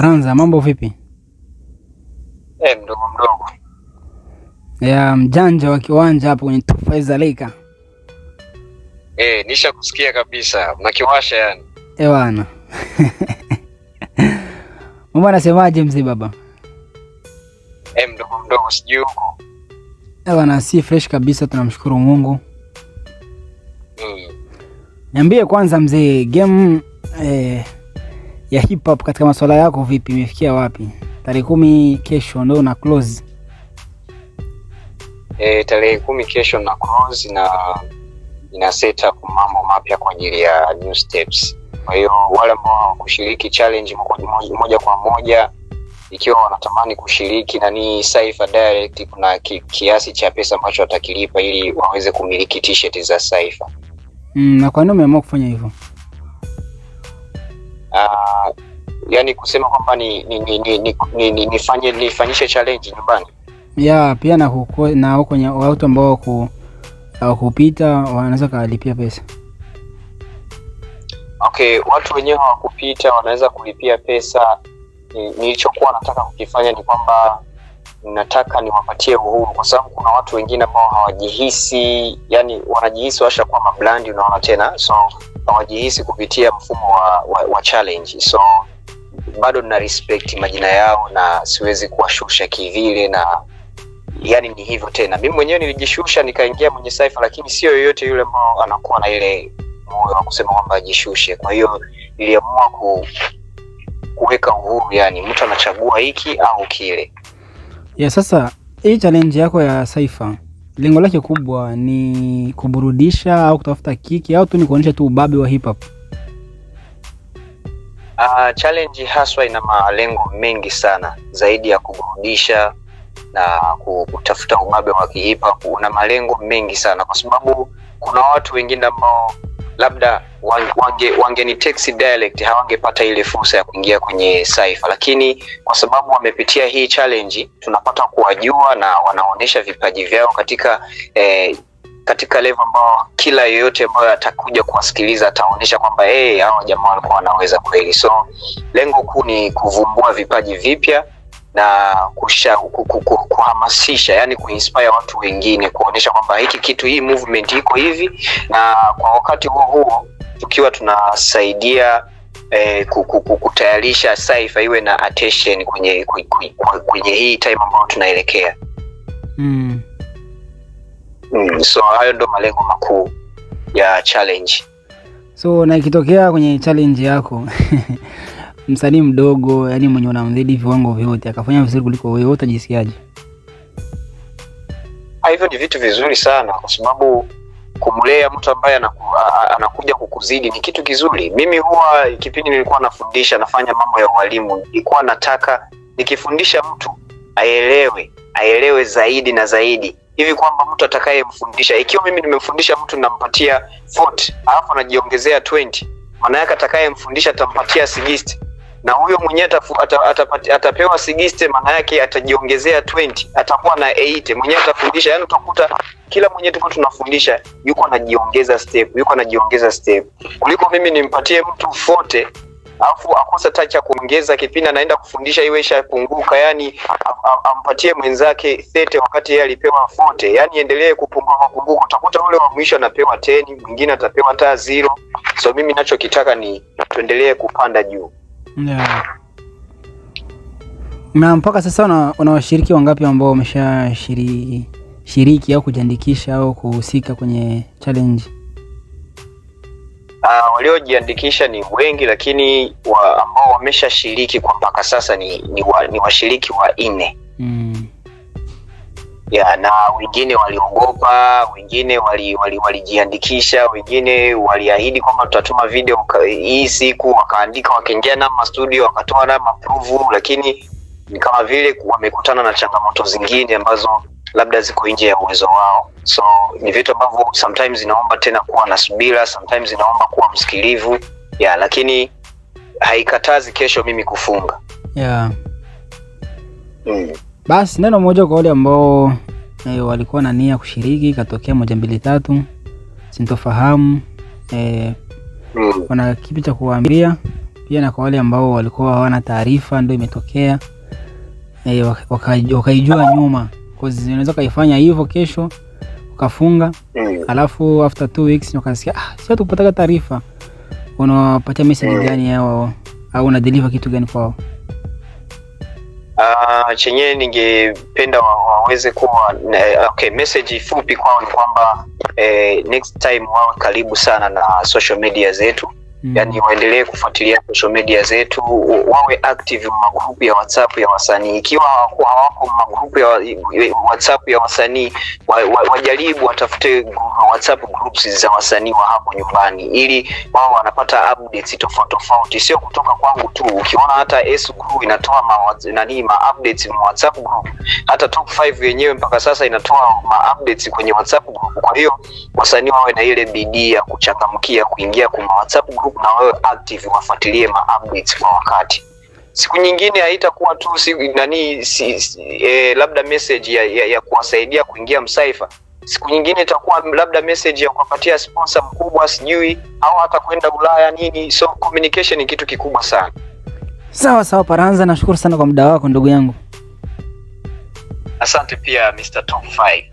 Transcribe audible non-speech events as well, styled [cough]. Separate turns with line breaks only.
Ranza, mambo vipi?
Eh, mdogo mdogo.
Ya mjanja wa kiwanja hapo kwenye Tufaiza Leka.
Eh, nisha kusikia kabisa. Mnakiwasha yani.
Eh, bwana. [laughs] Mama anasemaje mzee baba?
Eh, mdogo mdogo sijui huko.
Eh, bwana si fresh kabisa tunamshukuru Mungu. Mm. Niambie kwanza mzee game eh ya hip hop katika masuala yako vipi, imefikia wapi? Tarehe kumi kesho ndo na close
e, tarehe kumi kesho na close na ina set up mambo mapya kwa ajili ya new steps. Kwa hiyo wale ambao hawakushiriki challenge moja kwa moja, ikiwa wanatamani kushiriki ni Cypher Direct, kuna ki, kiasi cha pesa ambacho watakilipa ili waweze kumiliki t-shirt za Cypher.
Mm, na kwa nini umeamua kufanya hivyo? uh, yani kusema kwamba ni nifanye nifanyishe challenge nyumbani ya pia na huko na huko watu ambao ku hawakupita wanaweza kulipia pesa. Okay, watu wenyewe hawakupita wanaweza kulipia pesa. Nilichokuwa nataka kukifanya ni kwamba nataka niwapatie uhuru, kwa sababu kuna watu wengine ambao hawajihisi, yani wanajihisi washa kwa mablandi, unaona tena so hawajihisi kupitia mfumo wa, wa, wa challenge so bado nina respect majina yao na siwezi kuwashusha kivile na yani ni hivyo tena mimi mwenyewe nilijishusha nikaingia mwenye saifa lakini sio yoyote yule ambao anakuwa na ile moyo wa kusema kwamba ajishushe kwa hiyo niliamua ku, kuweka uhuru yani mtu anachagua hiki au kile ya sasa hii challenge yako ya saifa lengo lake kubwa ni kuburudisha au kutafuta kiki au tu ni kuonyesha tu ubabe wa hip hop? Uh, challenge haswa ina malengo mengi sana zaidi ya kuburudisha na kutafuta ubabe wa hip hop, una malengo mengi sana kwa sababu kuna watu wengine ambao labda wange ni taxi dialect hawangepata ile fursa ya kuingia kwenye Saifa, lakini kwa sababu wamepitia hii challenge, tunapata kuwajua na wanaonyesha vipaji vyao katika eh, katika level ambao kila yeyote ambayo atakuja kuwasikiliza ataonyesha kwamba hey, hawa jamaa walikuwa wanaweza kweli. So lengo kuu ni kuvumbua vipaji vipya na kusha, kuhamasisha yani kuinspire watu wengine kuonyesha kwamba hiki kitu hii movement iko hivi, na kwa wakati huo huo tukiwa tunasaidia eh, kutayarisha Saifa iwe na attention kwenye, kwenye, kwenye hii time ambayo tunaelekea mm. Mm, so hayo ndo malengo makuu ya challenge. So na ikitokea kwenye challenge yako [laughs] msanii mdogo, yani mwenye unamzidi viwango vyote, akafanya vizuri kuliko wewe, wote ajisikiaje? Ah, hivyo ni vitu vizuri sana, kwa sababu kumlea mtu ambaye anaku, anakuja kukuzidi ni kitu kizuri. Mimi huwa kipindi nilikuwa nafundisha, nafanya mambo ya ualimu, nilikuwa nataka nikifundisha mtu aelewe, aelewe zaidi na zaidi hivi kwamba mtu atakayemfundisha, ikiwa mimi nimemfundisha mtu nampatia 40 alafu anajiongezea 20, maana yake atakayemfundisha atampatia 60 na huyo mwenyewe atapewa sigiste, maana yake atajiongezea 20, atakuwa na 80 mwenyewe atafundisha. Yani utakuta kila mwenyewe tuko tunafundisha, yuko anajiongeza step, yuko anajiongeza step, kuliko mimi nimpatie mtu fote afu akosa tacha ya kuongeza kipindi anaenda kufundisha iwe ishapunguka, yani ampatie mwenzake thete wakati yeye alipewa fote, yani endelee kupunguka kupunguka. Utakuta ule wa mwisho anapewa teni, mwingine atapewa taa zero. So mimi nachokitaka ni tuendelee kupanda juu. Yeah. Na mpaka sasa una washiriki wangapi ambao wameshashiriki shiriki au kujiandikisha au kuhusika kwenye challenge? Uh, waliojiandikisha ni wengi, lakini wa, ambao wameshashiriki kwa mpaka sasa ni, ni, wa, ni washiriki wa nne. mm ya, na wengine waliogopa, wengine walijiandikisha, wali, wali wengine waliahidi kwamba tutatuma video hii siku, wakaandika wakaingia na mastudio wakatoa na mapruvu, lakini ni kama vile wamekutana na changamoto zingine ambazo labda ziko nje ya uwezo wao. So ni vitu ambavyo sometimes inaomba tena kuwa na subira, sometimes inaomba kuwa msikilivu ya, lakini haikatazi kesho mimi kufunga yeah. mm. Basi neno moja kwa wale ambao eh, walikuwa na nia kushiriki, katokea moja mbili tatu sintofahamu e, eh, kuna mm. kipi cha kuwaambia pia, na kwa wale ambao walikuwa hawana taarifa ndio imetokea eh, wakaijua waka nyuma, cause unaweza ukaifanya hivyo kesho ukafunga, mm. alafu after two weeks ukasikia ah, sio tukupataka taarifa. Unawapatia message mm. gani yao, au una deliver kitu gani kwao? Uh, chenye ningependa waweze kuwa eh, okay, message fupi kwao ni kwamba eh, next time wawe karibu sana na social media zetu mm. Yani waendelee kufuatilia social media zetu, wawe active magrupu ya WhatsApp ya wasanii. Ikiwa hawako magrupu ya WhatsApp ya wasanii, wajaribu watafute WhatsApp groups za wasanii wa hapo nyumbani, ili wao wanapata updates tofauti tofauti, sio kutoka kwangu tu. Ukiona hata S crew inatoa ma, nani ma updates mu WhatsApp group, hata top 5 yenyewe mpaka sasa inatoa ma updates kwenye WhatsApp group. Kwa hiyo wasanii wawe na ile bidii ya kuchangamkia kuingia kwa WhatsApp group na wewe active, wafuatilie ma updates kwa wakati. Siku nyingine haitakuwa tu si, nani si, si, e, labda message ya, ya, ya kuwasaidia kuingia msaifa. Siku nyingine itakuwa labda message ya kuwapatia sponsor mkubwa sijui au hata kwenda Ulaya nini. So communication ni kitu kikubwa sana. Sawa sawa, Paranza, nashukuru sana kwa muda wako ndugu yangu. Asante pia Mr. Top 5.